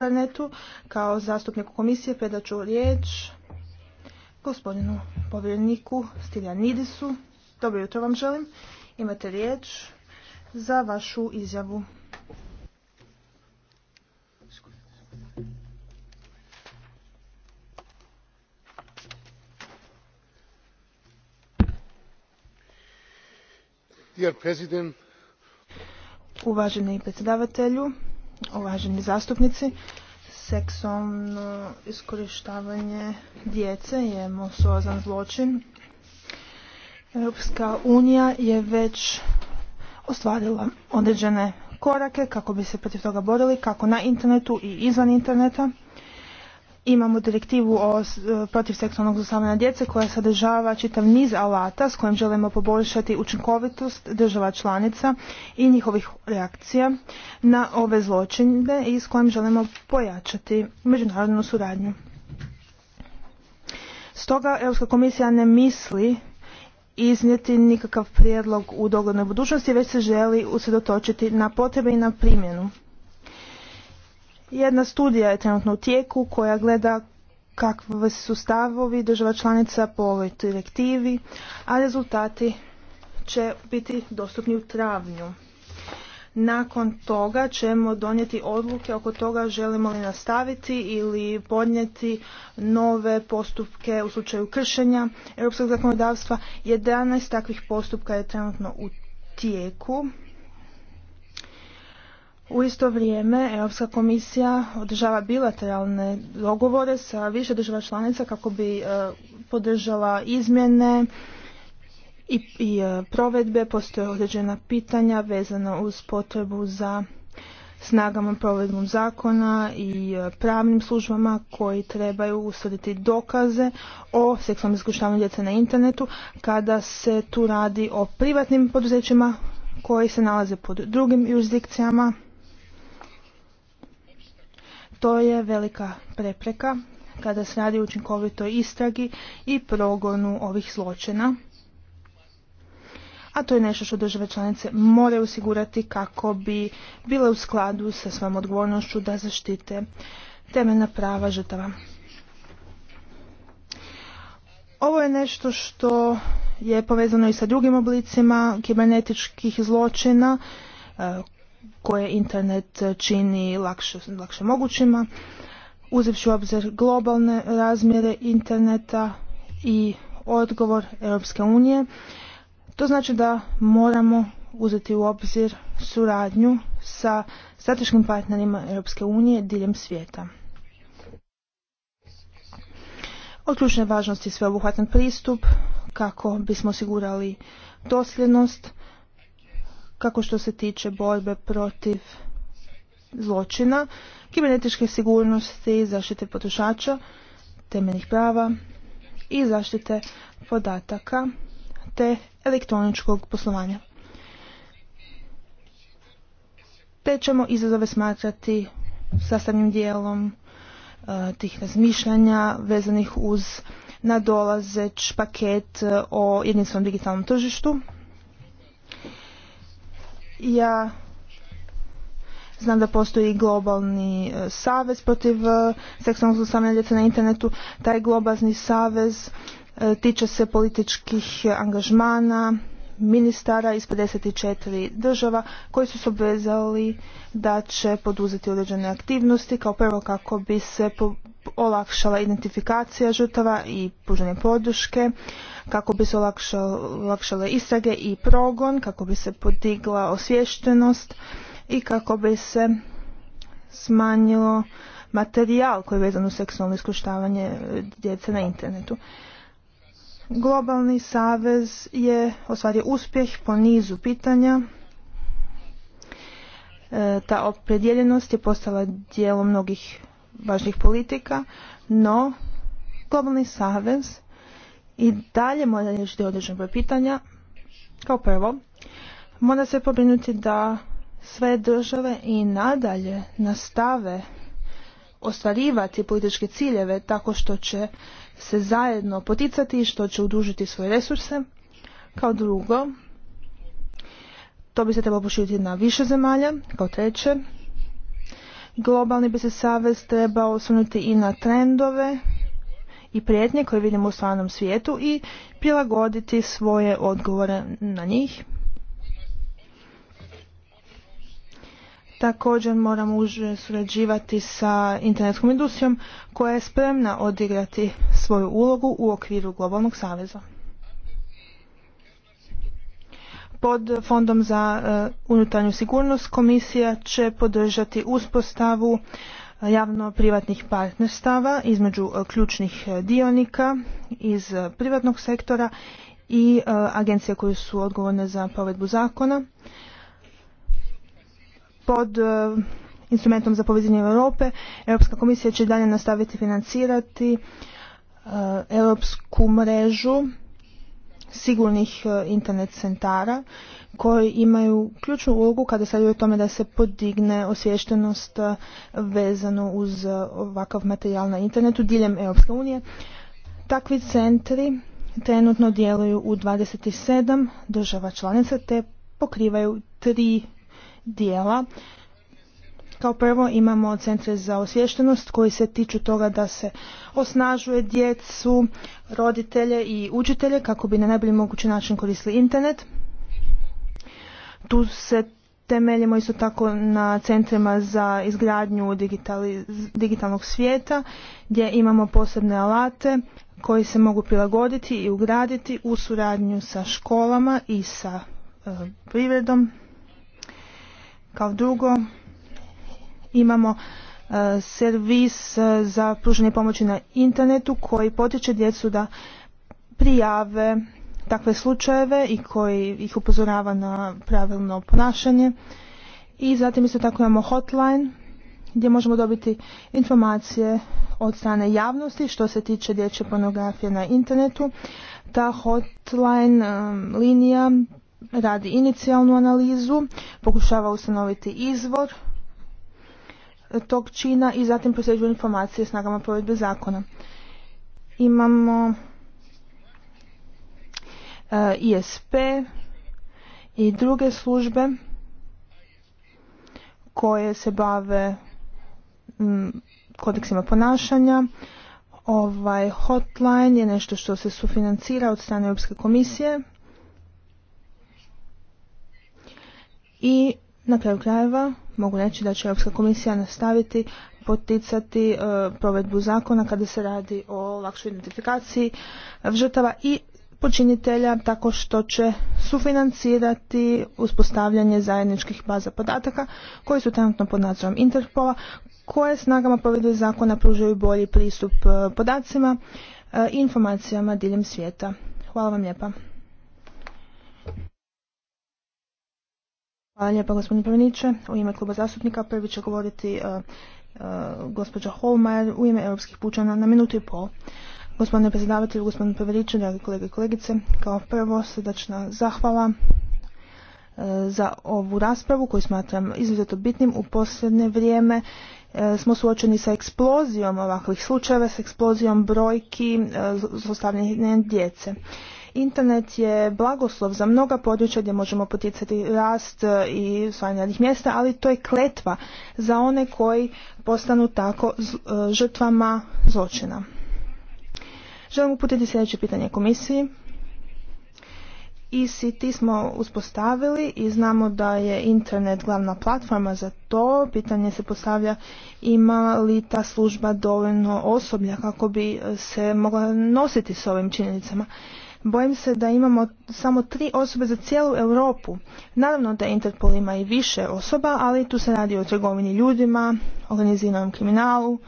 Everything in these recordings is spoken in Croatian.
internetu. Kao zastupniku komisije ću riječ gospodinu povjereniku Stiljanidisu. Dobro jutro vam želim. Imate riječ za vašu izjavu. Dear Uvaženi predsjedavatelju, uvaženi zastupnici. Seksualno iskorištavanje djece je mosozan zločin. Europska unija je već ostvarila određene korake kako bi se protiv toga borili, kako na internetu i izvan interneta imamo direktivu o, e, protiv seksualnog zlostavljanja djece koja sadržava čitav niz alata s kojim želimo poboljšati učinkovitost država članica i njihovih reakcija na ove zločine i s kojim želimo pojačati međunarodnu suradnju. Stoga Europska komisija ne misli iznijeti nikakav prijedlog u doglednoj budućnosti, već se želi usredotočiti na potrebe i na primjenu. Jedna studija je trenutno u tijeku koja gleda kakvi su stavovi država članica po ovoj direktivi, a rezultati će biti dostupni u travnju. Nakon toga ćemo donijeti odluke oko toga želimo li nastaviti ili podnijeti nove postupke u slučaju kršenja europskog zakonodavstva. 11 takvih postupka je trenutno u tijeku. U isto vrijeme Europska komisija održava bilateralne dogovore sa više država članica kako bi e, podržala izmjene i, e, provedbe. Postoje određena pitanja vezana uz potrebu za snagama provedbom zakona i e, pravnim službama koji trebaju usvrditi dokaze o seksualnom iskuštavanju djece na internetu kada se tu radi o privatnim poduzećima koji se nalaze pod drugim jurisdikcijama to je velika prepreka kada se radi o učinkovitoj istragi i progonu ovih zločina. A to je nešto što države članice moraju osigurati kako bi bile u skladu sa svojom odgovornošću da zaštite temeljna prava žrtava. Ovo je nešto što je povezano i sa drugim oblicima kibernetičkih zločina koje internet čini lakše, lakše mogućima, uzevši u obzir globalne razmjere interneta i odgovor Europske unije. To znači da moramo uzeti u obzir suradnju sa strateškim partnerima Europske unije diljem svijeta. Od ključne važnosti sveobuhvatan pristup kako bismo osigurali dosljednost kako što se tiče borbe protiv zločina, kibernetičke sigurnosti, zaštite potrošača, temeljnih prava i zaštite podataka te elektroničkog poslovanja. Te ćemo izazove smatrati sastavnim dijelom e, tih razmišljanja vezanih uz nadolazeć paket e, o jedinstvenom digitalnom tržištu ja znam da postoji globalni e, savez protiv e, seksualnog zlostavljanja djece na internetu. Taj globalni savez e, tiče se političkih angažmana ministara iz 54 država koji su se obvezali da će poduzeti određene aktivnosti kao prvo kako bi se olakšala identifikacija žrtava i pružanje poduške kako bi se olakšale istrage i progon, kako bi se podigla osviještenost i kako bi se smanjilo materijal koji je vezan u seksualno iskuštavanje djece na internetu. Globalni savez je ostvario uspjeh po nizu pitanja. E, ta opredjeljenost je postala dijelom mnogih važnih politika, no globalni savez i dalje mora riješiti određen broj pitanja. Kao prvo, mora se pobrinuti da sve države i nadalje nastave ostvarivati političke ciljeve tako što će se zajedno poticati i što će udužiti svoje resurse. Kao drugo, to bi se trebalo poširiti na više zemalja. Kao treće, Globalni bi se savez trebao osvrnuti i na trendove i prijetnje koje vidimo u stvarnom svijetu i prilagoditi svoje odgovore na njih. Također moramo uže surađivati sa internetskom industrijom koja je spremna odigrati svoju ulogu u okviru globalnog saveza pod Fondom za e, unutarnju sigurnost komisija će podržati uspostavu e, javno-privatnih partnerstava između e, ključnih dionika iz privatnog sektora i agencija koje su odgovorne za provedbu zakona pod instrumentom za povezivanje Europe Europska komisija će dalje nastaviti financirati europsku mrežu sigurnih e, internet centara koji imaju ključnu ulogu kada se radi o tome da se podigne osviještenost e, vezano uz e, ovakav materijal na internetu diljem Europske unije. Takvi centri trenutno djeluju u 27 država članica te pokrivaju tri dijela kao prvo imamo centre za osviještenost koji se tiču toga da se osnažuje djecu, roditelje i učitelje kako bi na najbolji mogući način koristili internet. Tu se temeljimo isto tako na centrima za izgradnju digitalnog svijeta gdje imamo posebne alate koji se mogu prilagoditi i ugraditi u suradnju sa školama i sa e, privredom. Kao drugo, imamo e, servis e, za pružanje pomoći na internetu koji potiče djecu da prijave takve slučajeve i koji ih upozorava na pravilno ponašanje. I zatim isto tako imamo hotline gdje možemo dobiti informacije od strane javnosti što se tiče dječje pornografije na internetu. Ta hotline e, linija radi inicijalnu analizu, pokušava ustanoviti izvor tog čina i zatim posljeđuju informacije snagama provedbe zakona. Imamo e, ISP i druge službe koje se bave kodeksima ponašanja. Ovaj hotline je nešto što se sufinancira od strane Europske komisije i na kraju krajeva mogu reći da će Europska komisija nastaviti poticati e, provedbu zakona kada se radi o lakšoj identifikaciji žrtava i počinitelja tako što će sufinancirati uspostavljanje zajedničkih baza podataka koji su trenutno pod nadzorom Interpola koje snagama provedbe zakona pružaju bolji pristup e, podacima e, i informacijama diljem svijeta. Hvala vam lijepa. Hvala lijepa gospodine Prveniče. U ime kluba zastupnika prvi će govoriti e, e, gospođa Holmajer u ime europskih pučana na minutu i pol. Gospodine predsjedavatelju, gospodine Prveniče, dragi kolege i kolegice, kao prvo srdačna zahvala e, za ovu raspravu koju smatram izuzetno bitnim u posljednje vrijeme smo suočeni sa eksplozijom ovakvih slučajeva, sa eksplozijom brojki zlostavljanja djece. Internet je blagoslov za mnoga područja gdje možemo poticati rast e, i osvajanje radnih mjesta, ali to je kletva za one koji postanu tako e, žrtvama zločina. Želim uputiti sljedeće pitanje komisiji. ICT e smo uspostavili i znamo da je internet glavna platforma za to. Pitanje se postavlja ima li ta služba dovoljno osoblja kako bi se mogla nositi s ovim činjenicama. Bojim se da imamo samo tri osobe za cijelu Europu. Naravno da Interpol ima i više osoba, ali tu se radi o trgovini ljudima, organiziranom kriminalu.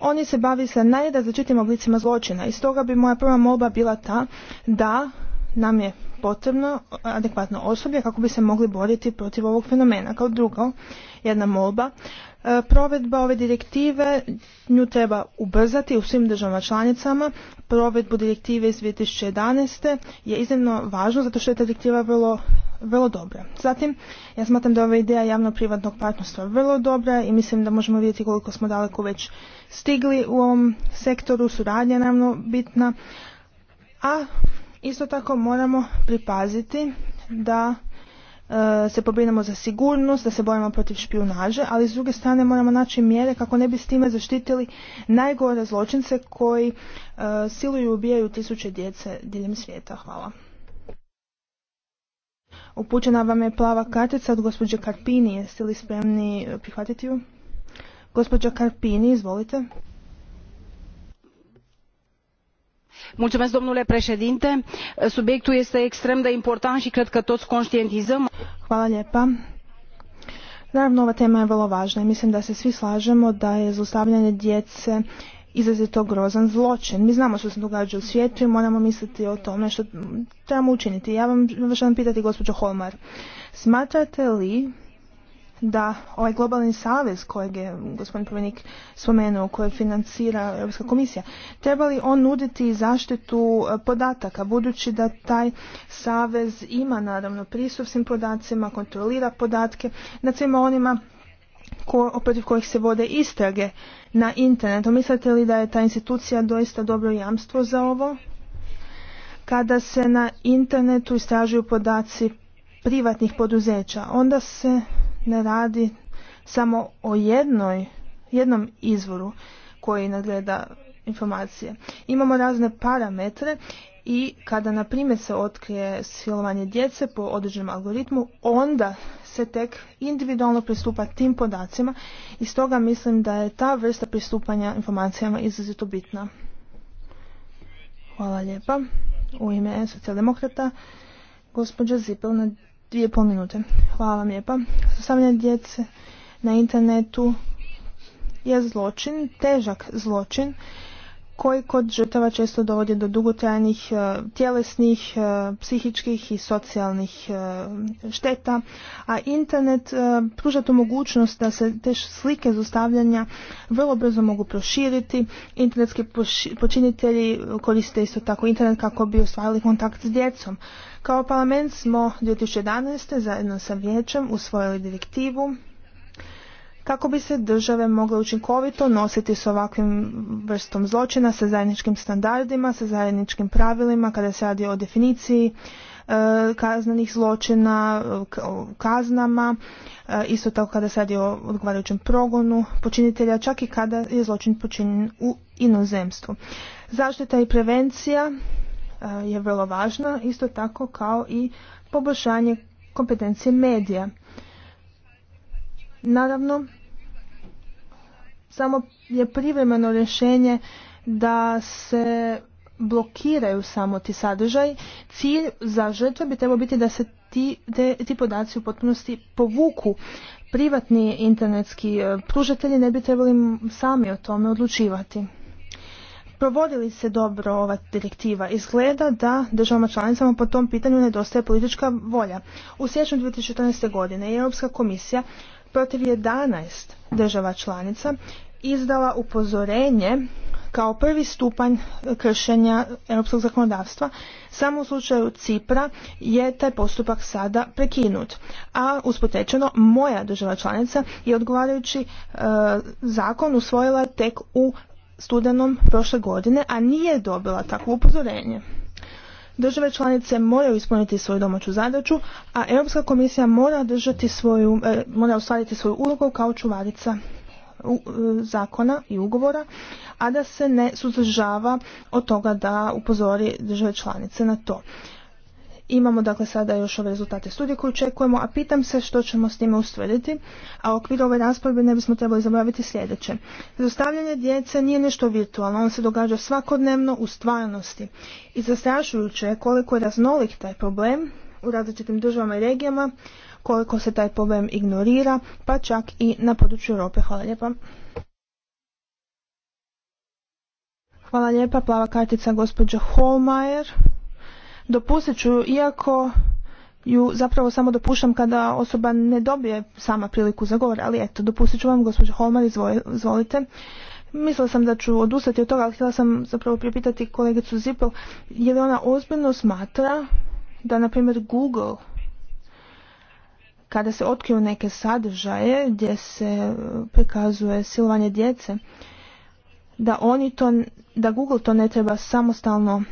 Oni se bavi sa najrazličitim oblicima zločina i stoga bi moja prva molba bila ta da nam je potrebno eh, adekvatno osoblje kako bi se mogli boriti protiv ovog fenomena. Kao drugo, jedna molba, eh, provedba ove direktive nju treba ubrzati u svim državama članicama. Provedbu direktive iz 2011. je iznimno važno zato što je ta direktiva vrlo, vrlo dobra. Zatim, ja smatram da je ova ideja javno-privatnog partnerstva vrlo dobra i mislim da možemo vidjeti koliko smo daleko već stigli u ovom sektoru. Suradnja je naravno bitna. A Isto tako moramo pripaziti da e, se pobrinemo za sigurnost, da se borimo protiv špijunaže, ali s druge strane moramo naći mjere kako ne bi s time zaštitili najgore zločince koji e, siluju i ubijaju tisuće djece diljem svijeta. Hvala. Upućena vam je plava kartica od gospođe Karpini. Jeste li spremni prihvatiti ju? Gospođa Karpini, izvolite. domnule președinte subiectul este extrem de important și cred că toți conștientizăm. Hvala lijepa. Naravno, ova tema je vrlo važna i mislim da se svi slažemo da je zlostavljanje djece izrazito grozan zločin. Mi znamo što se događa u svijetu i moramo misliti o tome što trebamo učiniti. Ja vam želim pitati gospođo Holmar, smatrate li da ovaj globalni savez kojeg je gospodin Pomenik spomenuo, koje financira Europska komisija, treba li on nuditi zaštitu e, podataka, budući da taj savez ima naravno pristup svim podacima, kontrolira podatke nad svima onima ko, protiv kojih se vode istrage na internetu. Mislite li da je ta institucija doista dobro jamstvo za ovo? Kada se na internetu istražuju podaci privatnih poduzeća, onda se ne radi samo o jednoj, jednom izvoru koji nadgleda informacije. Imamo razne parametre i kada na primjer se otkrije silovanje djece po određenom algoritmu, onda se tek individualno pristupa tim podacima i stoga mislim da je ta vrsta pristupanja informacijama izrazito bitna. Hvala lijepa. U ime socijaldemokrata gospođa Zipel na Dvije pol minute. Hvala vam lijepa. Sosavljanje djece na internetu je zločin, težak zločin koji kod žrtava često dovodi do dugotrajnih e, tjelesnih, e, psihičkih i socijalnih e, šteta, a internet pruža tu mogućnost da se te slike zostavljanja vrlo brzo mogu proširiti. Internetski počinitelji koriste isto tako internet kako bi ostvarili kontakt s djecom. Kao parlament smo 2011. zajedno sa vijećem usvojili direktivu kako bi se države mogle učinkovito nositi s ovakvim vrstom zločina, sa zajedničkim standardima, sa zajedničkim pravilima kada se radi o definiciji e, kaznenih zločina, kaznama, e, isto tako kada se radi o odgovarajućem progonu počinitelja, čak i kada je zločin počinjen u inozemstvu. Zaštita i prevencija e, je vrlo važna, isto tako kao i poboljšanje kompetencije medija. Naravno, samo je privremeno rješenje da se blokiraju samo ti sadržaj. Cilj za žrtve bi trebao biti da se ti, ti podaci u potpunosti povuku. Privatni internetski e, pružatelji ne bi trebali sami o tome odlučivati. Provodili se dobro ova direktiva. Izgleda da državama članicama po tom pitanju nedostaje politička volja. U siječnju 2014. godine je Europska komisija protiv 11 država članica izdala upozorenje kao prvi stupanj kršenja europskog zakonodavstva. Samo u slučaju Cipra je taj postupak sada prekinut. A uspotečeno, moja država članica je odgovarajući e, zakon usvojila tek u studenom prošle godine, a nije dobila takvo upozorenje. Države članice moraju ispuniti svoju domaću zadaću, a Europska komisija mora, držati svoju, e, mora ostvariti svoju ulogu kao čuvarica e, zakona i ugovora, a da se ne suzdržava od toga da upozori države članice na to. Imamo dakle sada još ove rezultate studije koje očekujemo, a pitam se što ćemo s time ustvrditi, a u okviru ove rasprave ne bismo trebali zaboraviti sljedeće. Zlostavljanje djece nije nešto virtualno, ono se događa svakodnevno u stvarnosti. I zastrašujuće je koliko je raznolik taj problem u različitim državama i regijama, koliko se taj problem ignorira, pa čak i na području Europe. Hvala lijepa. Hvala lijepa, plava kartica gospođa Holmajer dopustit ću, iako ju zapravo samo dopuštam kada osoba ne dobije sama priliku za govor, ali eto, dopustit ću vam, gospođo Holmar, izvolite. Mislila sam da ću odustati od toga, ali htjela sam zapravo pripitati kolegicu Zipel, je li ona ozbiljno smatra da, na primjer, Google, kada se otkriju neke sadržaje gdje se prikazuje silovanje djece, da oni to, da Google to ne treba samostalno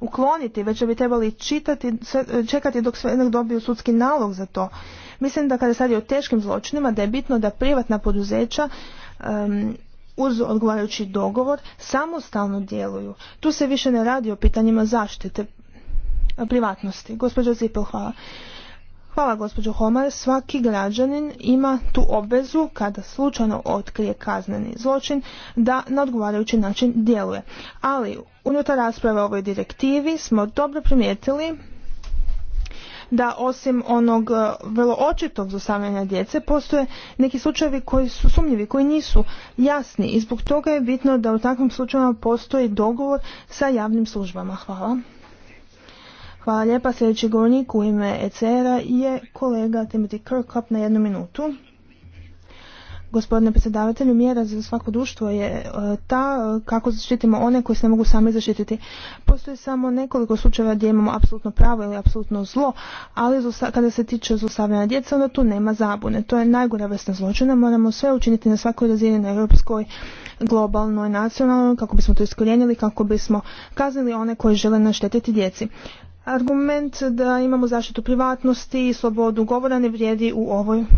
ukloniti, već bi trebali čitati, čekati dok sve dobiju sudski nalog za to. Mislim da kada se radi o teškim zločinima, da je bitno da privatna poduzeća uz odgovarajući dogovor samostalno djeluju. Tu se više ne radi o pitanjima zaštite privatnosti. Gospođo Zipel, hvala. Hvala gospođo Homar. Svaki građanin ima tu obvezu kada slučajno otkrije kazneni zločin da na odgovarajući način djeluje. Ali unutar rasprave o ovoj direktivi smo dobro primijetili da osim onog e, vrlo očitog zostavljanja djece postoje neki slučajevi koji su sumnjivi, koji nisu jasni i zbog toga je bitno da u takvim slučajevima postoji dogovor sa javnim službama. Hvala. Hvala lijepa. Sljedeći govornik u ime ECR-a je kolega Timothy Kirkup na jednu minutu. Gospodine predsjedavatelju, mjera za svako društvo je e, ta e, kako zaštitimo one koji se ne mogu sami zaštititi. Postoji samo nekoliko slučajeva gdje imamo apsolutno pravo ili apsolutno zlo, ali kada se tiče zlostavljanja djeca, onda tu nema zabune. To je najgora vrsta zločina, moramo sve učiniti na svakoj razini, na europskoj, globalnoj, nacionalnoj, kako bismo to iskorijenili, kako bismo kaznili one koji žele naštetiti djeci. Argument da imamo zaštitu privatnosti i slobodu govora ne vrijedi u,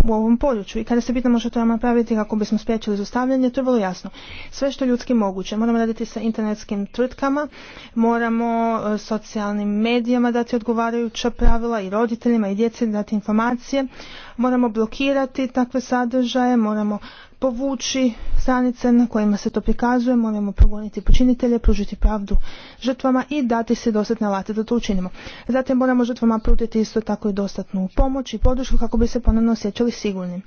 u ovom području. I kada se pitamo što trebamo napraviti kako bismo spriječili zlostavljanje, to je vrlo jasno. Sve što je ljudski moguće. Moramo raditi sa internetskim tvrtkama, moramo e, socijalnim medijama dati odgovarajuća pravila i roditeljima i djeci dati informacije, moramo blokirati takve sadržaje, moramo povući stranice na kojima se to prikazuje, moramo progoniti počinitelje, pružiti pravdu žrtvama i dati se dostatne alate da to učinimo. Zatim moramo žrtvama prutiti isto tako i dostatnu pomoć i podršku kako bi se ponovno osjećali sigurnim.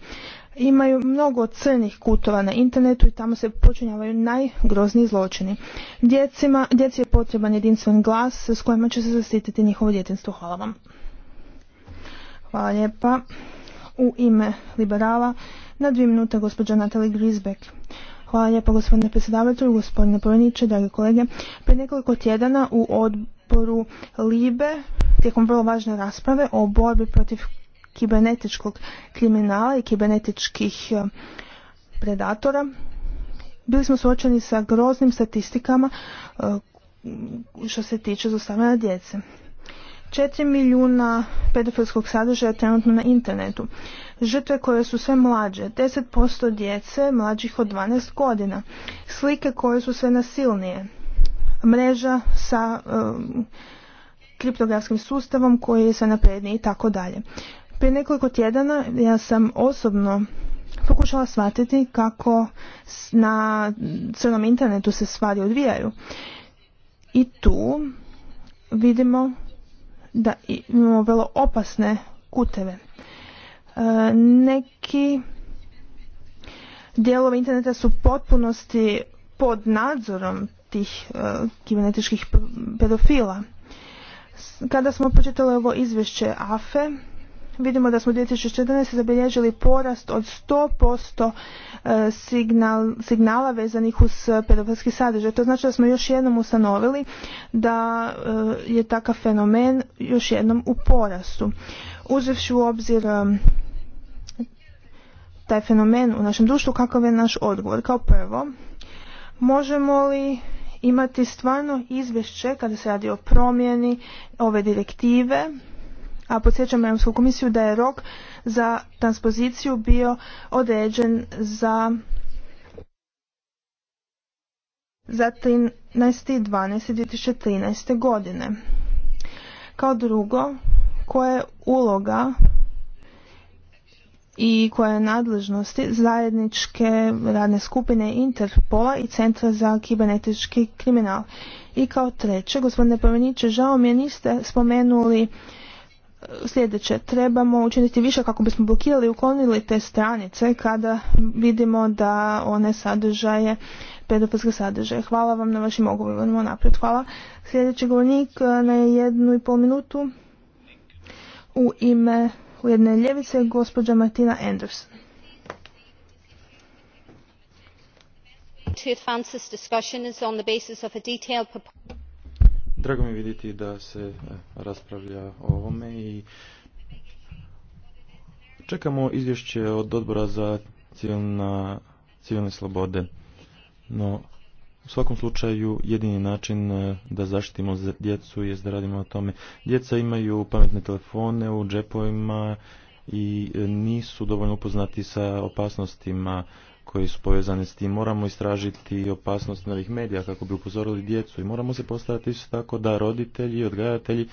Imaju mnogo crnih kutova na internetu i tamo se počinjavaju najgrozniji zločini. Djecima, djeci je potreban jedinstven glas s kojima će se zastititi njihovo djetinstvo. Hvala vam. Hvala lijepa u ime liberala na dvije minute gospođa Natalie Grisbeck. Hvala lijepo gospodine predsjedavatelju, gospodine Porniče, dragi kolege. Pred nekoliko tjedana u odboru Libe tijekom vrlo važne rasprave o borbi protiv kibernetičkog kriminala i kibernetičkih eh, predatora bili smo suočeni sa groznim statistikama eh, što se tiče zostavljanja djece. 4 milijuna pedofilskog sadržaja trenutno na internetu. Žrtve koje su sve mlađe, 10% djece mlađih od 12 godina, slike koje su sve nasilnije, mreža sa um, kriptografskim sustavom koji je sve napredniji i tako dalje. Prije nekoliko tjedana ja sam osobno pokušala shvatiti kako na crnom internetu se stvari odvijaju. I tu vidimo da imamo vrlo opasne kuteve. E, neki dijelovi interneta su potpunosti pod nadzorom tih e, kibernetičkih pedofila. Kada smo početali ovo izvješće AFE, vidimo da smo 2014. zabilježili porast od 100% e, signal, signala vezanih uz e, pedofilski sadržaj. To znači da smo još jednom ustanovili da e, je takav fenomen još jednom u porastu. Uzevši u obzir taj fenomen u našem društvu, kakav je naš odgovor? Kao prvo, možemo li imati stvarno izvješće kada se radi o promjeni ove direktive a podsjećam Europsku komisiju da je rok za transpoziciju bio određen za za 13.12.2013. godine. Kao drugo, koja je uloga i koja je nadležnosti zajedničke radne skupine Interpola i Centra za kibernetički kriminal. I kao treće, gospodine Pomeniće, žao mi je niste spomenuli sljedeće, trebamo učiniti više kako bismo blokirali i uklonili te stranice kada vidimo da one sadržaje pedofilske sadržaje. Hvala vam na vašim ogovorima naprijed. Hvala. Sljedeći govornik e, na jednu i pol minutu u ime jedne ljevice, gospođa Martina Anderson. To Drago mi vidjeti da se e, raspravlja o ovome i čekamo izvješće od odbora za civilna, civilne slobode. No, u svakom slučaju jedini način e, da zaštitimo djecu je da radimo o tome. Djeca imaju pametne telefone u džepovima i e, nisu dovoljno upoznati sa opasnostima koji su povezani s tim. Moramo istražiti opasnost novih medija kako bi upozorili djecu i moramo se postaviti isto tako da roditelji i odgajatelji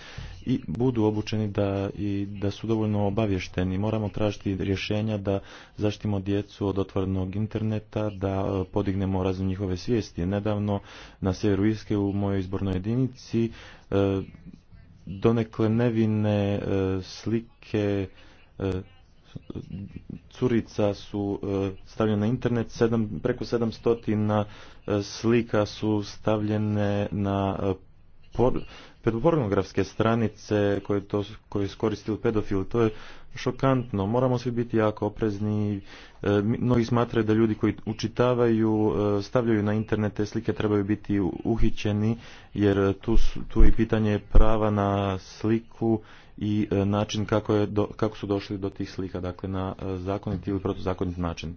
i budu obučeni da, i da su dovoljno obavješteni. Moramo tražiti rješenja da zaštitimo djecu od otvorenog interneta, da e, podignemo razum njihove svijesti. Nedavno na sjeveru Iske u mojoj izbornoj jedinici e, donekle nevine e, slike curica su e, stavljene na internet, sedam, preko 700 e, slika su stavljene na e, por, pornografske stranice koje, to, koje To je šokantno. Moramo svi biti jako oprezni. Mnogi smatraju da ljudi koji učitavaju, stavljaju na internet te slike trebaju biti uhićeni jer tu, su, tu je pitanje prava na sliku i e, način kako, je do, kako su došli do tih slika, dakle na e, zakonit ili protuzakonit način.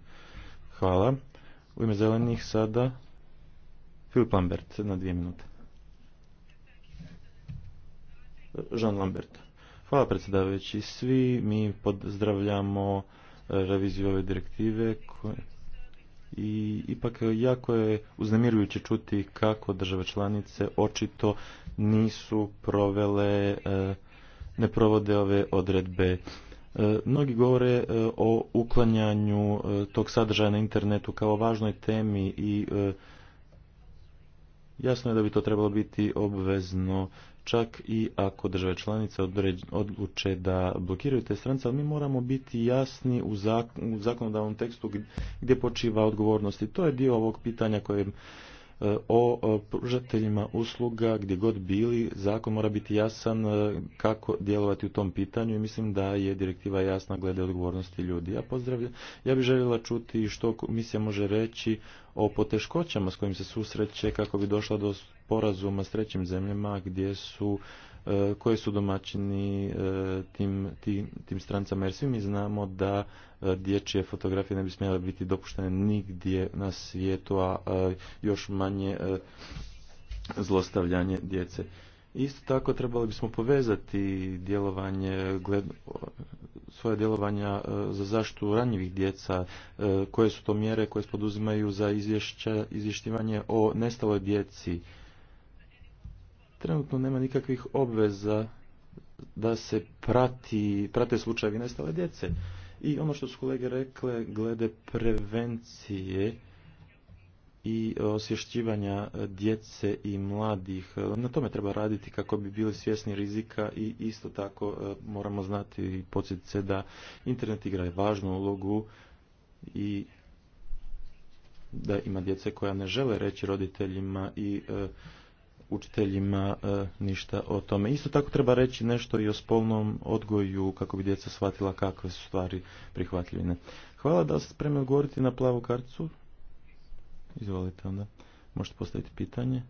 Hvala. U ime zelenih sada Filip Lambert na dvije minute. Jean Lambert. Hvala predsjedavajući. Svi mi pozdravljamo e, reviziju ove direktive koje... i ipak jako je uznemirujuće čuti kako države članice očito nisu provele ne provode ove odredbe. E, mnogi govore e, o uklanjanju e, tog sadržaja na internetu kao važnoj temi i jasno je da bi to trebalo biti obvezno čak i ako države članice odluče da blokiraju te strance, ali mi moramo biti jasni u zakonodavnom tekstu gdje počiva odgovornost i to je dio ovog pitanja kojem E, o e, pružateljima usluga gdje god bili, zakon mora biti jasan e, kako djelovati u tom pitanju i mislim da je direktiva jasna glede odgovornosti ljudi. Ja pozdravljam, ja bih željela čuti što komisija može reći o poteškoćama s kojim se susreće kako bi došla do sporazuma s trećim zemljama gdje su e, koje su domaćini e, tim, tim, tim strancama jer svi mi znamo da e, dječje fotografije ne bi smjele biti dopuštene nigdje na svijetu a još manje zlostavljanje djece Isto tako trebali bismo povezati djelovanje, gled, svoje djelovanja e, za zaštitu ranjivih djeca, e, koje su to mjere koje se poduzimaju za izvješća, izvještivanje o nestaloj djeci. Trenutno nema nikakvih obveza da se prati, prate slučajevi nestale djece. I ono što su kolege rekle glede prevencije, i osvješćivanja djece i mladih. Na tome treba raditi kako bi bili svjesni rizika i isto tako e, moramo znati i podsjetiti se da internet igra važnu ulogu i da ima djece koja ne žele reći roditeljima i e, učiteljima e, ništa o tome. Isto tako treba reći nešto i o spolnom odgoju kako bi djeca shvatila kakve su stvari prihvatljivine. Hvala da ste spremni govoriti na plavu karticu. Izvolite onda. Možete postaviti pitanje.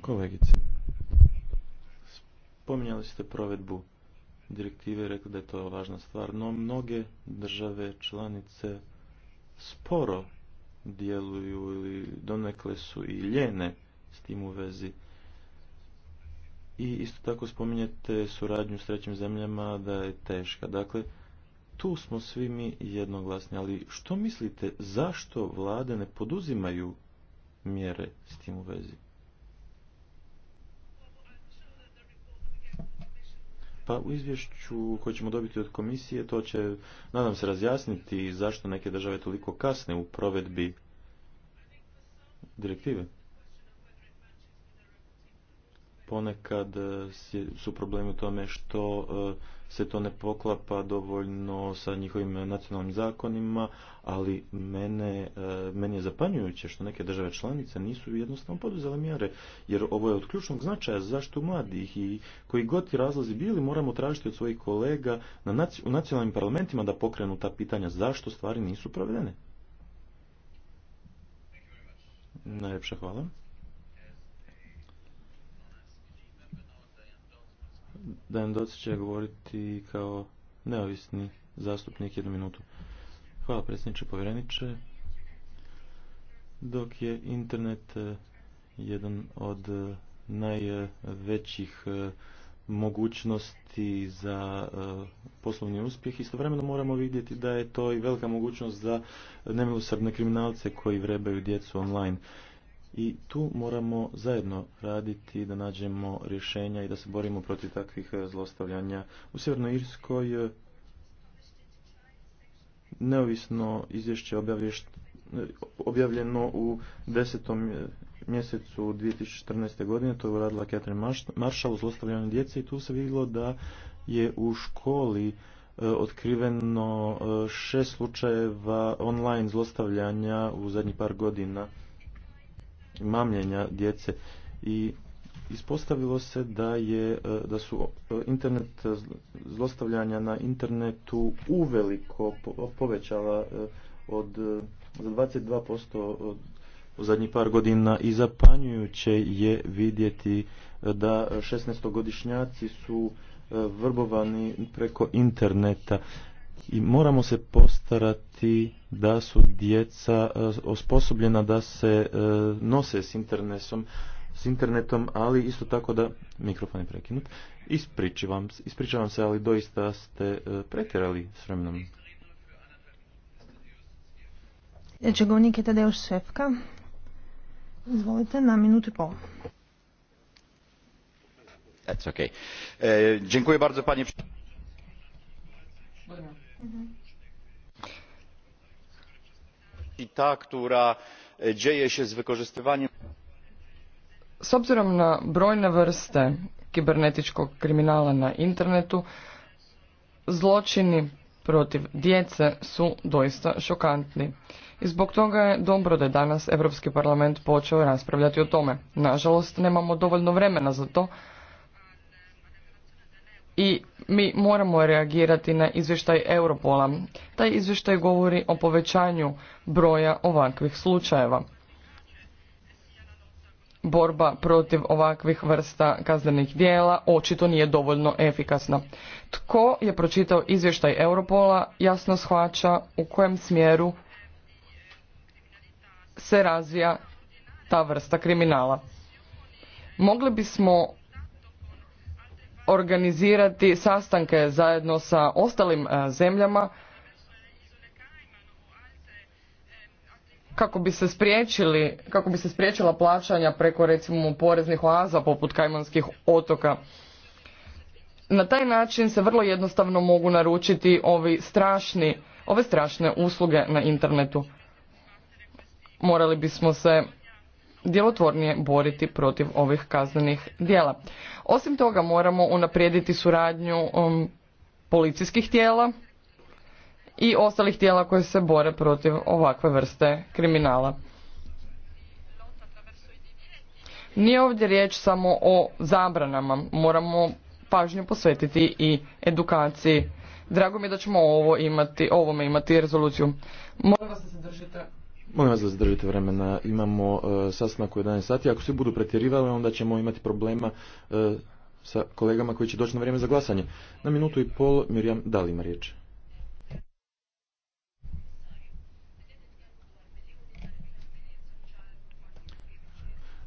Kolegice, spominjali ste provedbu direktive, rekli da je to važna stvar, no mnoge države članice sporo djeluju ili donekle su i ljene s tim u vezi i isto tako spominjete suradnju s trećim zemljama da je teška. Dakle, tu smo svi mi jednoglasni, ali što mislite, zašto vlade ne poduzimaju mjere s tim u vezi? Pa u izvješću koje ćemo dobiti od komisije to će, nadam se, razjasniti zašto neke države toliko kasne u provedbi direktive ponekad e, su problemi u tome što e, se to ne poklapa dovoljno sa njihovim nacionalnim zakonima, ali mene, e, meni je zapanjujuće što neke države članice nisu jednostavno poduzele mjere, jer ovo je od ključnog značaja zašto mladih i koji god ti razlozi bili moramo tražiti od svojih kolega na u nacionalnim parlamentima da pokrenu ta pitanja zašto stvari nisu provedene. Najljepša hvala. Dan Doc će govoriti kao neovisni zastupnik jednu minutu. Hvala predsjedniče povjereniče. Dok je internet e, jedan od e, najvećih e, mogućnosti za poslovni uspjeh. Istovremeno moramo vidjeti da je to i velika mogućnost za nemilosrdne kriminalce koji vrebaju djecu online i tu moramo zajedno raditi da nađemo rješenja i da se borimo protiv takvih e, zlostavljanja. U Sjevernoj Irskoj e, neovisno izvješće objavljeno u desetom e, mjesecu 2014. godine, to je uradila Catherine Marshall u zlostavljanju djece i tu se vidjelo da je u školi otkriveno šest slučajeva online zlostavljanja u zadnjih par godina mamljenja djece i ispostavilo se da, je, e, da su e, internet zlostavljanja na internetu uveliko povećala e, od za 22% u zadnjih par godina i zapanjujuće je vidjeti da 16-godišnjaci su vrbovani preko interneta i moramo se postarati da su djeca e, osposobljena da se e, nose s internetom, s internetom ali isto tako da mikrofon je prekinut. Ispričavam, ispričavam se, ali doista ste e, pretjerali s vremenom. Čegovnik je Tadeuš Šefka. Izvolite na minutu i pol. That's okay. dziękuję bardzo panie... Mhm. i ta która e, dzieje się z wykorzystywaniem s obzirom na brojne vrste kibernetičkog kriminala na internetu zločini protiv djece su doista šokantni i zbog toga je dobro da je danas europski parlament počeo raspravljati o tome nažalost nemamo dovoljno vremena za to i mi moramo reagirati na izvještaj Europola. Taj izvještaj govori o povećanju broja ovakvih slučajeva. Borba protiv ovakvih vrsta kaznenih dijela očito nije dovoljno efikasna. Tko je pročitao izvještaj Europola jasno shvaća u kojem smjeru se razvija ta vrsta kriminala. Mogli bismo organizirati sastanke zajedno sa ostalim e, zemljama kako bi se spriječili, kako bi se spriječila plaćanja preko recimo poreznih oaza poput Kajmanskih otoka. Na taj način se vrlo jednostavno mogu naručiti ovi strašni, ove strašne usluge na internetu. Morali bismo se djelotvornije boriti protiv ovih kaznenih djela. Osim toga moramo unaprijediti suradnju um, policijskih tijela i ostalih tijela koje se bore protiv ovakve vrste kriminala. Nije ovdje riječ samo o zabranama, moramo pažnju posvetiti i edukaciji. Drago mi je da ćemo ovo imati, ovome imati rezoluciju. Molim vas se držite Molim vas da zadržite vremena. Imamo e, sastanak u 11 sati. Ako se budu pretjerivali, onda ćemo imati problema e, sa kolegama koji će doći na vrijeme za glasanje. Na minutu i pol, Mirjam, da li ima riječ?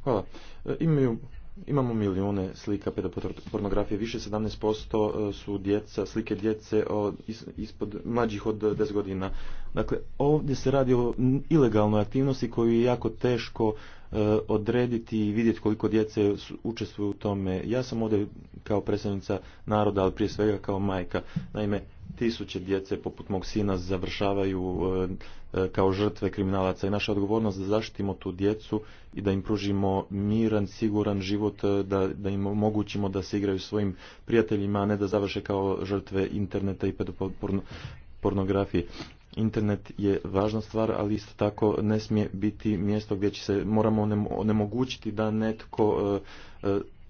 Hvala. E, imaju Imamo milijune slika pedopornografije, više 17% e, su djeca, slike djece od, ispod, mlađih od 10 godina. Dakle, ovdje se radi o ilegalnoj aktivnosti koju je jako teško e, odrediti i vidjeti koliko djece učestvuju u tome. Ja sam ovdje kao predstavnica naroda, ali prije svega kao majka. Naime, tisuće djece poput mog sina završavaju e, e, kao žrtve kriminalaca i naša odgovornost da zaštitimo tu djecu i da im pružimo miran, siguran život, e, da, da im omogućimo da se igraju svojim prijateljima, a ne da završe kao žrtve interneta i pedopornografije. Internet je važna stvar, ali isto tako ne smije biti mjesto gdje će se moramo onemogućiti da netko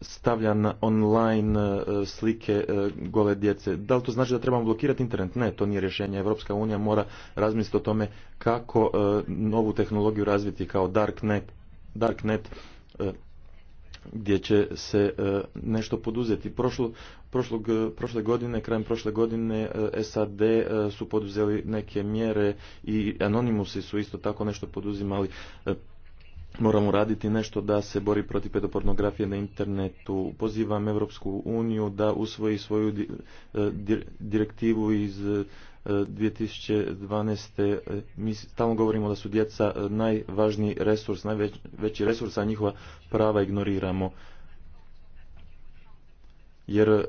stavlja na online e, slike e, gole djece. Da li to znači da trebamo blokirati internet? Ne, to nije rješenje. Evropska unija mora razmisliti o tome kako e, novu tehnologiju razviti kao darknet, darknet gdje će se nešto poduzeti. Prošlo, prošlog, prošle godine, krajem prošle godine SAD su poduzeli neke mjere i anonimusi su isto tako nešto poduzimali moramo raditi nešto da se bori protiv pedopornografije na internetu. Pozivam Europsku uniju da usvoji svoju e, direktivu iz 2012. E, Mi stalno govorimo da su djeca e, najvažniji resurs, najveći resurs, a njihova prava ignoriramo. Jer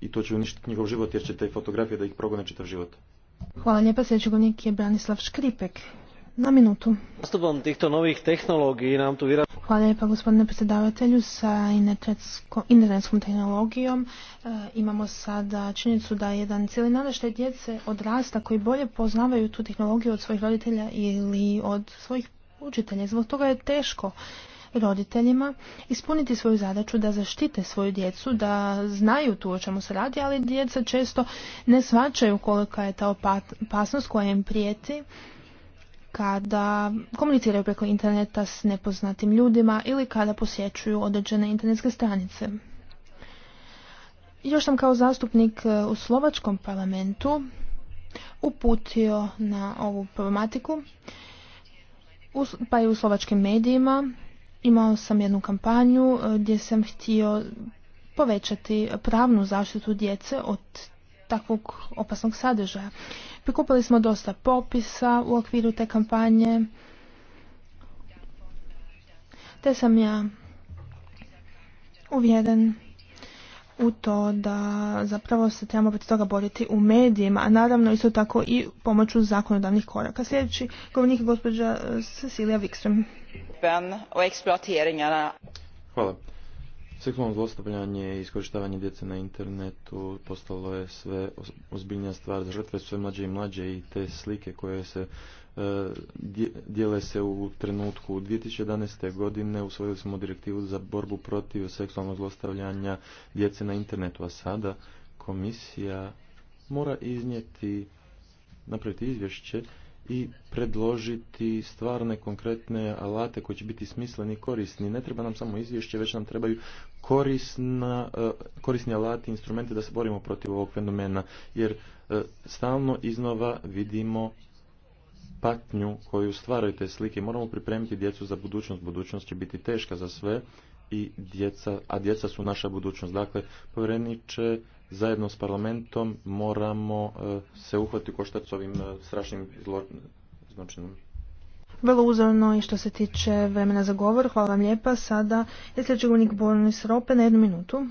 i to će uništiti njihov život jer će te fotografije da ih progone čitav život. Hvala lijepa, sljedeći je Branislav Škripek na minutu. Hvala lijepa gospodine predsjedavatelju. Sa internetskom tehnologijom e, imamo sada činjenicu da jedan cijeli naraštaj djece odrasta koji bolje poznavaju tu tehnologiju od svojih roditelja ili od svojih učitelja. Zbog toga je teško roditeljima ispuniti svoju zadaću da zaštite svoju djecu, da znaju tu o čemu se radi, ali djeca često ne svačaju kolika je ta opasnost koja im prijeti kada komuniciraju preko interneta s nepoznatim ljudima ili kada posjećuju određene internetske stranice. Još sam kao zastupnik e, u Slovačkom parlamentu uputio na ovu problematiku, pa i u slovačkim medijima. Imao sam jednu kampanju e, gdje sam htio povećati pravnu zaštitu djece od takvog opasnog sadržaja. Prikupili smo dosta popisa u okviru te kampanje, te sam ja uvjeren u to da zapravo se trebamo protiv toga boriti u medijima, a naravno isto tako i pomoću zakonodavnih koraka. Sljedeći govornik je gospođa Cecilija Wikström. Hvala. Seksualno zlostavljanje i iskorištavanje djece na internetu postalo je sve ozbiljnija stvar. Žrtve su sve mlađe i mlađe i te slike koje se e, dijele se u trenutku. U 2011. godine usvojili smo direktivu za borbu protiv seksualnog zlostavljanja djece na internetu, a sada komisija mora iznijeti, napraviti izvješće i predložiti stvarne, konkretne alate koji će biti smisleni i korisni. Ne treba nam samo izvješće, već nam trebaju korisna, e, korisni alati, instrumente da se borimo protiv ovog fenomena, jer e, stalno iznova vidimo patnju koju stvaraju te slike. Moramo pripremiti djecu za budućnost. Budućnost će biti teška za sve, i djeca, a djeca su naša budućnost. Dakle, povjereniče, zajedno s parlamentom moramo eh, se uhvati u koštac s ovim eh, strašnim zločinom. Vrlo uzorno i što se tiče vremena za govor. Hvala vam lijepa. Sada je sljedeći govornik Bornis Rope na jednu minutu.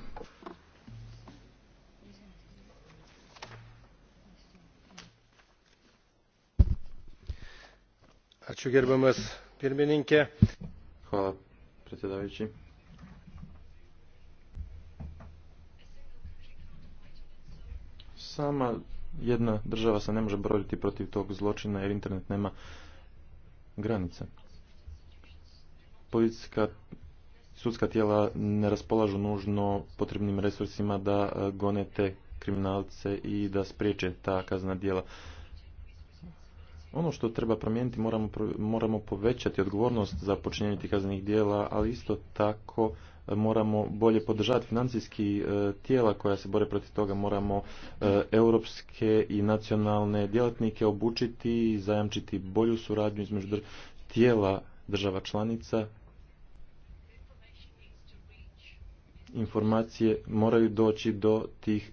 Hvala predsjedavajući. sama jedna država se ne može boriti protiv tog zločina jer internet nema granice. Policijska sudska tijela ne raspolažu nužno potrebnim resursima da e, gone te kriminalce i da spriječe ta kazna djela. Ono što treba promijeniti, moramo, moramo povećati odgovornost za počinjenje tih kaznenih djela, ali isto tako moramo bolje podržati financijski e, tijela koja se bore protiv toga, moramo e, europske i nacionalne djelatnike obučiti i zajamčiti bolju suradnju između tijela država članica. Informacije moraju doći do tih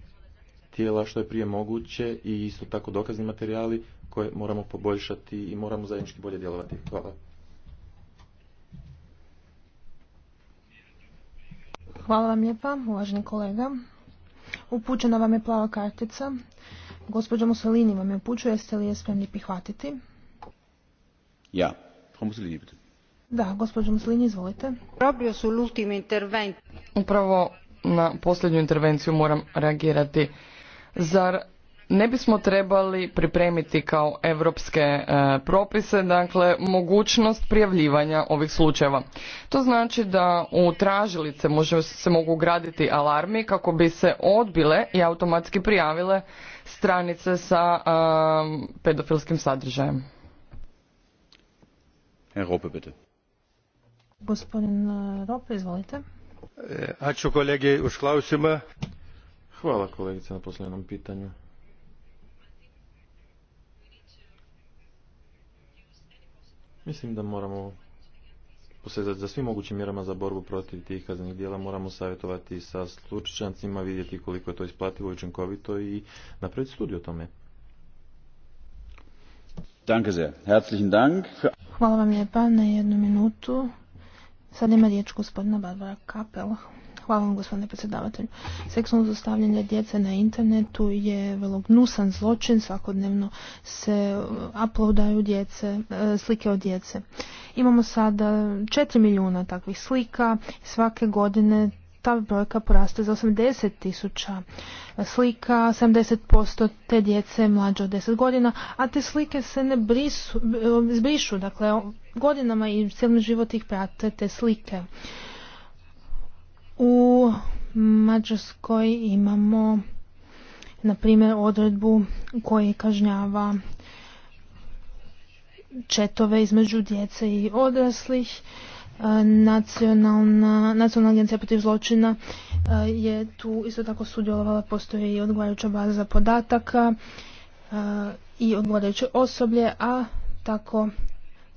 tijela što je prije moguće i isto tako dokazni materijali koje moramo poboljšati i moramo zajednički bolje djelovati. Hvala. Hvala vam lijepa, uvaženi kolega. Upućena vam je plava kartica. Gospođa Mussolini vam je upućuje, jeste li je spremni prihvatiti? Ja, Mussolini, Da, gospođo Mussolini, izvolite. Proprio sull'ultimo intervent Upravo na posljednju intervenciju moram reagirati. Zar ne bismo trebali pripremiti kao europske e, propise dakle mogućnost prijavljivanja ovih slučajeva to znači da u tražilice može, se mogu graditi alarmi kako bi se odbile i automatski prijavile stranice sa e, pedofilskim sadržajem Rope, bitte. Gospodin e, Rope, izvolite. Hvala kolegice na posljednom pitanju. Mislim da moramo posezati za svim mogućim mjerama za borbu protiv tih kaznenih djela. Moramo savjetovati sa slučičancima, vidjeti koliko je to isplativo i učinkovito i napraviti studiju o tome. Hvala vam lijepa na jednu minutu. Sad ima riječ gospodina Barbara Kapela. Hvala vam gospodine predsjedavatelju. Seksualno zlostavljanje djece na internetu je vrlo gnusan zločin, svakodnevno se eh, uploadaju djece, eh, slike od djece. Imamo sada 4 milijuna takvih slika, svake godine ta brojka poraste za 80 tisuća eh, slika, 70% te djece je mlađe od 10 godina, a te slike se ne brisu, zbrišu, dakle godinama i cijelom život ih prate te slike. U Mađarskoj imamo na primjer odredbu koji kažnjava četove između djece i odraslih. E, nacionalna, Nacionalna agencija protiv zločina e, je tu isto tako sudjelovala, postoji i odgovarajuća baza podataka e, i odgovarajuće osoblje, a tako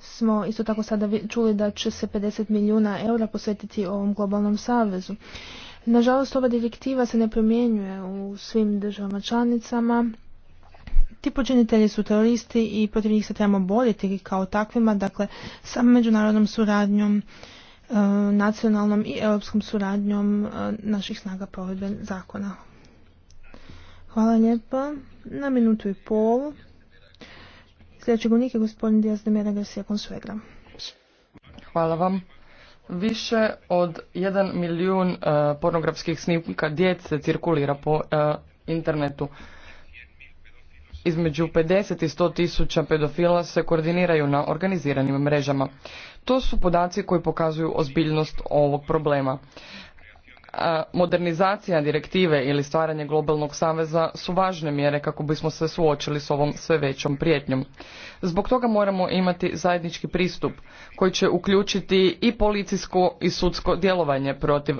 smo isto tako sada čuli da će se 50 milijuna eura posvetiti ovom globalnom savezu. Nažalost, ova direktiva se ne primjenjuje u svim državama članicama. Ti počinitelji su teroristi i protiv njih se trebamo boriti kao takvima, dakle sa međunarodnom suradnjom, e, nacionalnom i europskom suradnjom e, naših snaga provedbe zakona. Hvala lijepa. Na minutu i pol Sljedeći govornik gospodin Dias de Mera Garcia Consuegra. Hvala vam. Više od jedan milijun e, pornografskih snimka djece cirkulira po e, internetu. Između 50 i 100 tisuća pedofila se koordiniraju na organiziranim mrežama. To su podaci koji pokazuju ozbiljnost ovog problema modernizacija direktive ili stvaranje globalnog saveza su važne mjere kako bismo se suočili s ovom sve većom prijetnjom. Zbog toga moramo imati zajednički pristup koji će uključiti i policijsko i sudsko djelovanje protiv,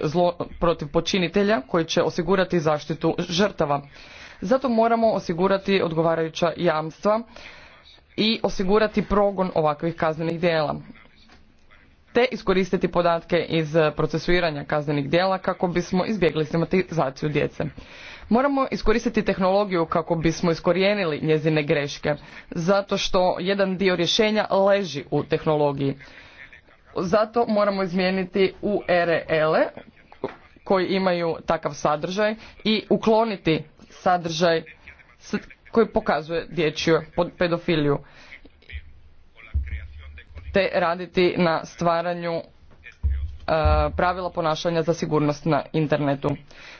protiv počinitelja koji će osigurati zaštitu žrtava. Zato moramo osigurati odgovarajuća jamstva i osigurati progon ovakvih kaznenih djela te iskoristiti podatke iz eh, procesuiranja kaznenih djela kako bismo izbjegli stigmatizaciju djece. Moramo iskoristiti tehnologiju kako bismo iskorijenili njezine greške, zato što jedan dio rješenja leži u tehnologiji. Zato moramo izmijeniti URL-e koji imaju takav sadržaj i ukloniti sadržaj koji pokazuje dječju pedofiliju te raditi na stvaranju e, pravila ponašanja za sigurnost na internetu.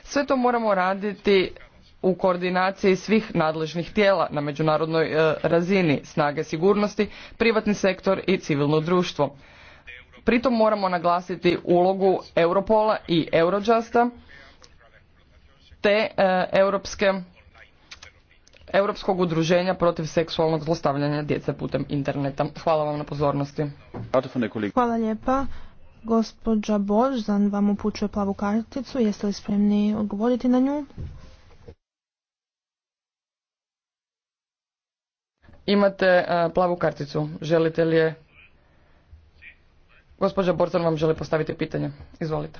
Sve to moramo raditi u koordinaciji svih nadležnih tijela na međunarodnoj e, razini, snage sigurnosti, privatni sektor i civilno društvo. Pritom moramo naglasiti ulogu Europola i Eurojusta te e, europske Europskog udruženja protiv seksualnog zlostavljanja djece putem interneta. Hvala vam na pozornosti. Hvala lijepa. Gospođa Božan vam upućuje plavu karticu. Jeste li spremni odgovoriti na nju? Imate e, plavu karticu. Želite li je? Gospođa Borzan vam želi postaviti pitanje. Izvolite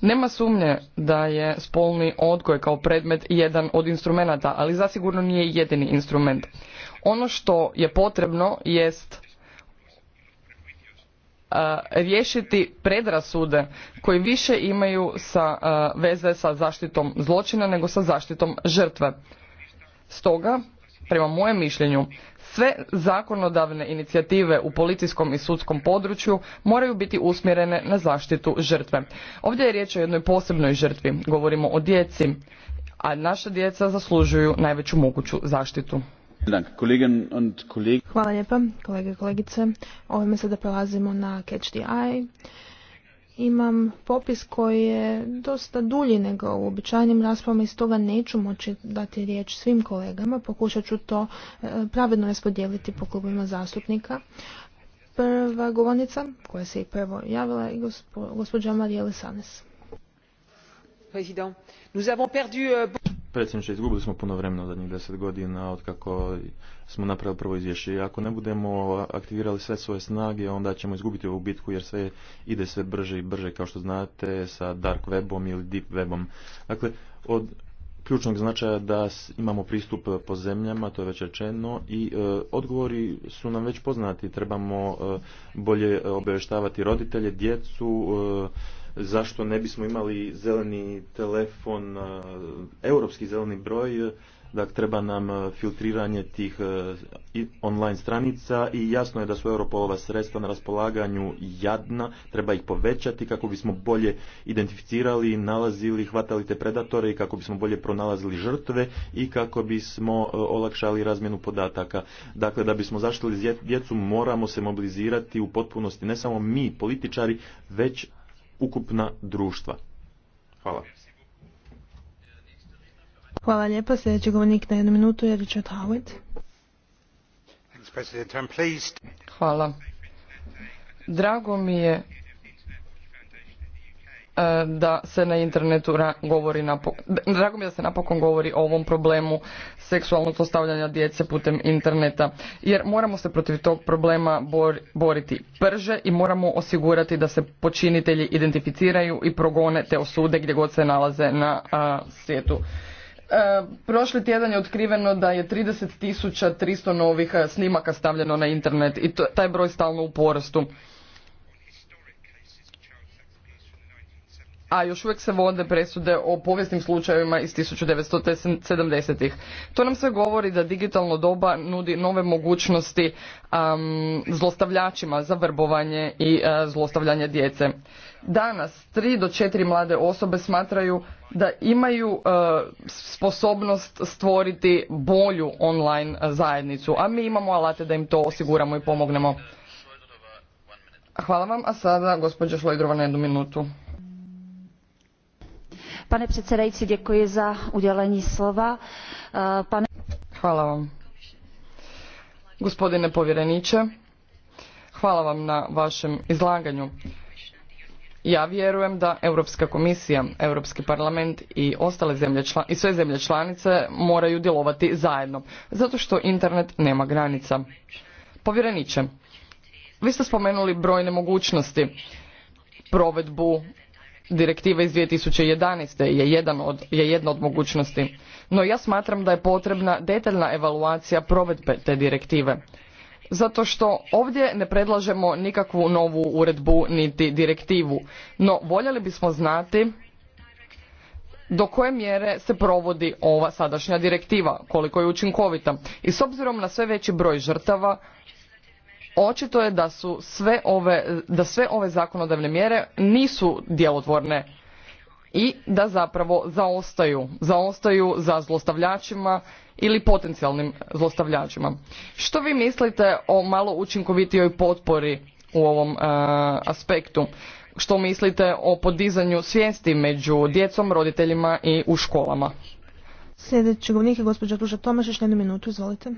Nema sumnje da je spolni odgoj kao predmet jedan od instrumenata, ali zasigurno nije jedini instrument. Ono što je potrebno jest riješiti predrasude koji više imaju sa, veze sa zaštitom zločina nego sa zaštitom žrtve. Stoga prema mojem mišljenju sve zakonodavne inicijative u policijskom i sudskom području moraju biti usmjerene na zaštitu žrtve. Ovdje je riječ o jednoj posebnoj žrtvi, govorimo o djeci, a naša djeca zaslužuju najveću moguću zaštitu. Hvala lijepa, kolege i kolegice. Ovime sada prelazimo na Catch imam popis koji je dosta dulji nego u običajnim raspravama i stoga neću moći dati riječ svim kolegama. Pokušat ću to e, pravedno raspodijeliti po klubima zastupnika. Prva govornica koja se i prvo javila je gospođa Marijele Sanes. nous avons perdu... Euh, Predsjedniče, izgubili smo puno vremena zadnjih deset godina od kako smo napravili prvo izvješće. ako ne budemo aktivirali sve svoje snage, onda ćemo izgubiti ovu bitku jer sve ide sve brže i brže, kao što znate, sa dark webom ili deep webom. Dakle, od ključnog značaja da imamo pristup e, po zemljama, to je već rečeno, i e, odgovori su nam već poznati. Trebamo e, bolje obavještavati roditelje, djecu, zašto ne bismo imali zeleni telefon, europski zeleni broj, Dakle, treba nam e, filtriranje tih e, online stranica i jasno je da su Europolova sredstva na raspolaganju jadna, treba ih povećati kako bismo bolje identificirali, nalazili, hvatali te predatore i kako bismo bolje pronalazili žrtve i kako bismo e, olakšali razmjenu podataka. Dakle, da bismo zaštili djecu moramo se mobilizirati u potpunosti ne samo mi političari, već ukupna društva. Hvala. Hvala lijepa. Sljedeći govornik na jednu minutu je Richard Howard. Hvala. Drago mi je e, da se na internetu govori napokon, drago mi je da se napokon govori o ovom problemu seksualnog postavljanja djece putem interneta jer moramo se protiv tog problema boriti brže i moramo osigurati da se počinitelji identificiraju i progone te osude gdje god se nalaze na svijetu. E, prošli tjedan je otkriveno da je 30.300 novih e, snimaka stavljeno na internet i taj broj stalno u porastu. a još uvijek se vode presude o povijesnim slučajevima iz 1970-ih. To nam sve govori da digitalno doba nudi nove mogućnosti zlostavljačima za vrbovanje i e, zlostavljanje djece danas tri do četiri mlade osobe smatraju da imaju e, sposobnost stvoriti bolju online e, zajednicu, a mi imamo alate da im to osiguramo i pomognemo. Hvala vam, a sada gospođa Šlojdrova na jednu minutu. Pane predsjedajci, djekuji za udjelanje slova. E, hvala vam. Gospodine povjereniče, hvala vam na vašem izlaganju ja vjerujem da europska komisija europski parlament i ostale zemlje i sve zemlje članice moraju djelovati zajedno zato što internet nema granica povjereniče vi ste spomenuli brojne mogućnosti provedbu direktive iz 2011. je jedan od je jedna od mogućnosti no ja smatram da je potrebna detaljna evaluacija provedbe te direktive zato što ovdje ne predlažemo nikakvu novu uredbu niti direktivu no voljeli bismo znati do koje mjere se provodi ova sadašnja direktiva koliko je učinkovita i s obzirom na sve veći broj žrtava očito je da su sve ove da sve ove zakonodavne mjere nisu djelotvorne i da zapravo zaostaju. Zaostaju za zlostavljačima ili potencijalnim zlostavljačima. Što vi mislite o malo učinkovitijoj potpori u ovom e, aspektu? Što mislite o podizanju svijesti među djecom, roditeljima i u školama? Sljedeći govornik je gospođa Ruža Tomašić, jednu minutu, izvolite.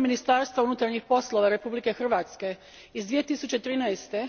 Ministarstva unutarnjih poslova Republike Hrvatske iz 2013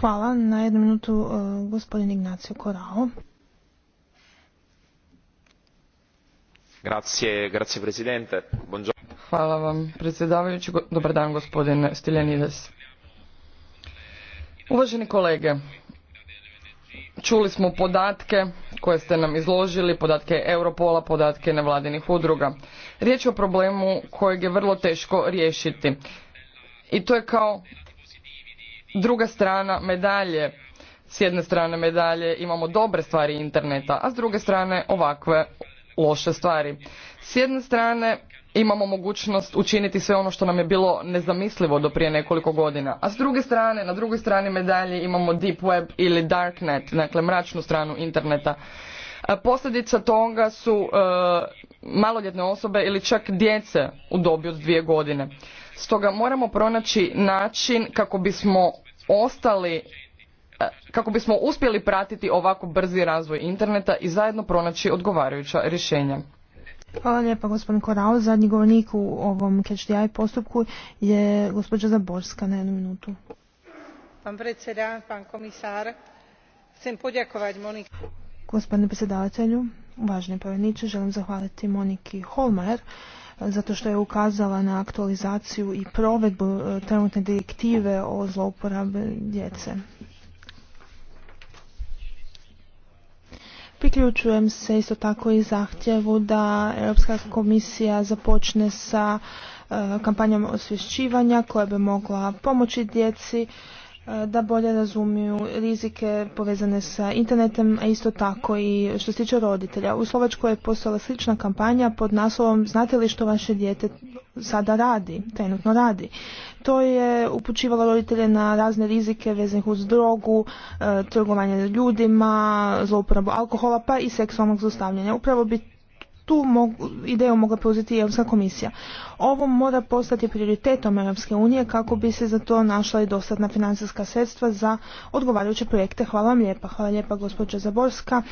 Hvala. Na e, vam predsjedavajući. Dobar dan gospodin Stiljanides. Uvaženi kolege, čuli smo podatke koje ste nam izložili, podatke Europola, podatke nevladinih udruga. Riječ je o problemu kojeg je vrlo teško riješiti. I to je kao druga strana medalje. S jedne strane medalje imamo dobre stvari interneta, a s druge strane ovakve loše stvari. S jedne strane imamo mogućnost učiniti sve ono što nam je bilo nezamislivo do prije nekoliko godina, a s druge strane, na drugoj strani medalje imamo deep web ili darknet, dakle mračnu stranu interneta. Posljedica toga su e, maloljetne osobe ili čak djece u dobi od dvije godine. Stoga moramo pronaći način kako bismo ostali e, kako bismo uspjeli pratiti ovako brzi razvoj interneta i zajedno pronaći odgovarajuća rješenja. Hvala lijepa gospodin Korao. Zadnji govornik u ovom Catch postupku je gospođa Zaborska na jednu minutu. Pan predseda, pan komisar, chcem podjakovati Moniki. Gospodine predsjedavatelju, uvaženi povjedniče, želim zahvaliti Moniki Holmer zato što je ukazala na aktualizaciju i provedbu e, trenutne direktive o zlouporabi djece. Priključujem se isto tako i zahtjevu da Europska komisija započne sa e, kampanjom osvješćivanja koja bi mogla pomoći djeci E, da bolje razumiju rizike povezane sa internetom, a isto tako i što se tiče roditelja. U Slovačkoj je postala slična kampanja pod naslovom Znate li što vaše dijete sada radi, trenutno radi. To je upućivalo roditelje na razne rizike vezane uz drogu, e, trgovanje ljudima, zlouporabu alkohola pa i seksualnog zlostavljanja. Upravo bi tu mogu, ideju mogla preuzeti i Europska komisija. Ovo mora postati prioritetom Europske unije kako bi se za to našla i dostatna financijska sredstva za odgovarajuće projekte. Hvala vam lijepa. Hvala lijepa gospođa Zaborska.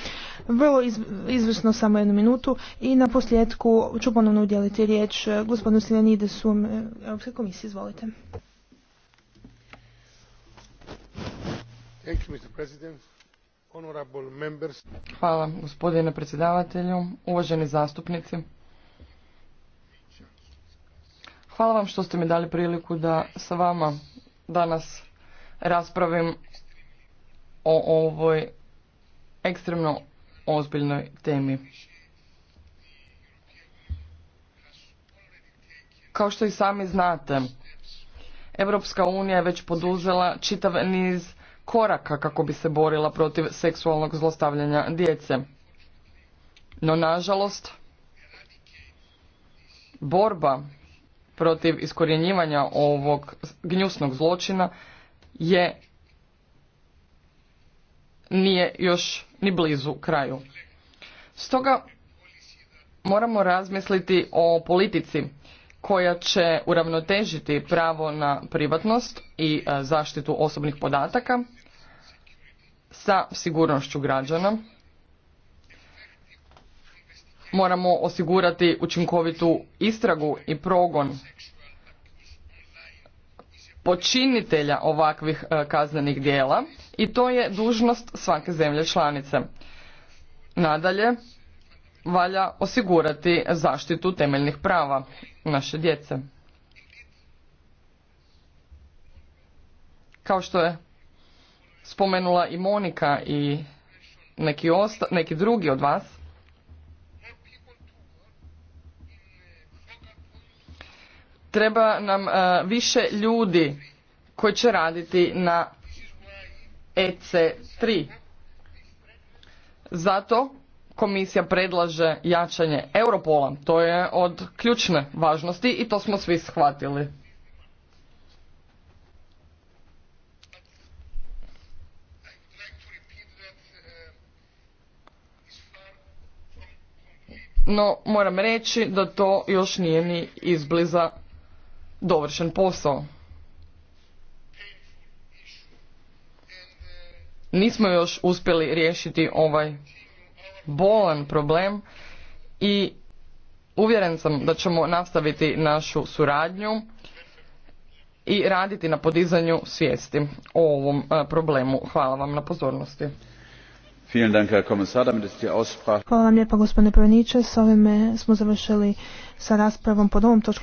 Vrlo izvrsno samo jednu minutu i na posljedku ću ponovno udjeliti riječ gospodinu su Europske komisije. Izvolite. Thank you, Mr. President. Hvala gospodine predsjedavatelju, uvaženi zastupnici. Hvala vam što ste mi dali priliku da sa vama danas raspravim o ovoj ekstremno ozbiljnoj temi. Kao što i sami znate, Europska unija je već poduzela čitav niz koraka kako bi se borila protiv seksualnog zlostavljanja djece. No, nažalost, borba protiv iskorjenjivanja ovog gnjusnog zločina je nije još ni blizu kraju. Stoga moramo razmisliti o politici koja će uravnotežiti pravo na privatnost i e, zaštitu osobnih podataka sa sigurnošću građana. Moramo osigurati učinkovitu istragu i progon počinitelja ovakvih e, kaznenih djela i to je dužnost svake zemlje članice. Nadalje, valja osigurati zaštitu temeljnih prava naše djece. Kao što je spomenula i Monika i neki, neki drugi od vas, treba nam e, više ljudi koji će raditi na EC3. Zato komisija predlaže jačanje Europola. To je od ključne važnosti i to smo svi shvatili. no moram reći da to još nije ni izbliza dovršen posao. Nismo još uspjeli riješiti ovaj bolan problem i uvjeren sam da ćemo nastaviti našu suradnju i raditi na podizanju svijesti o ovom e, problemu. Hvala vam na pozornosti. Hvala vam lijepa gospodine Prveniče. S ovime smo završili sa raspravom pod ovom točkom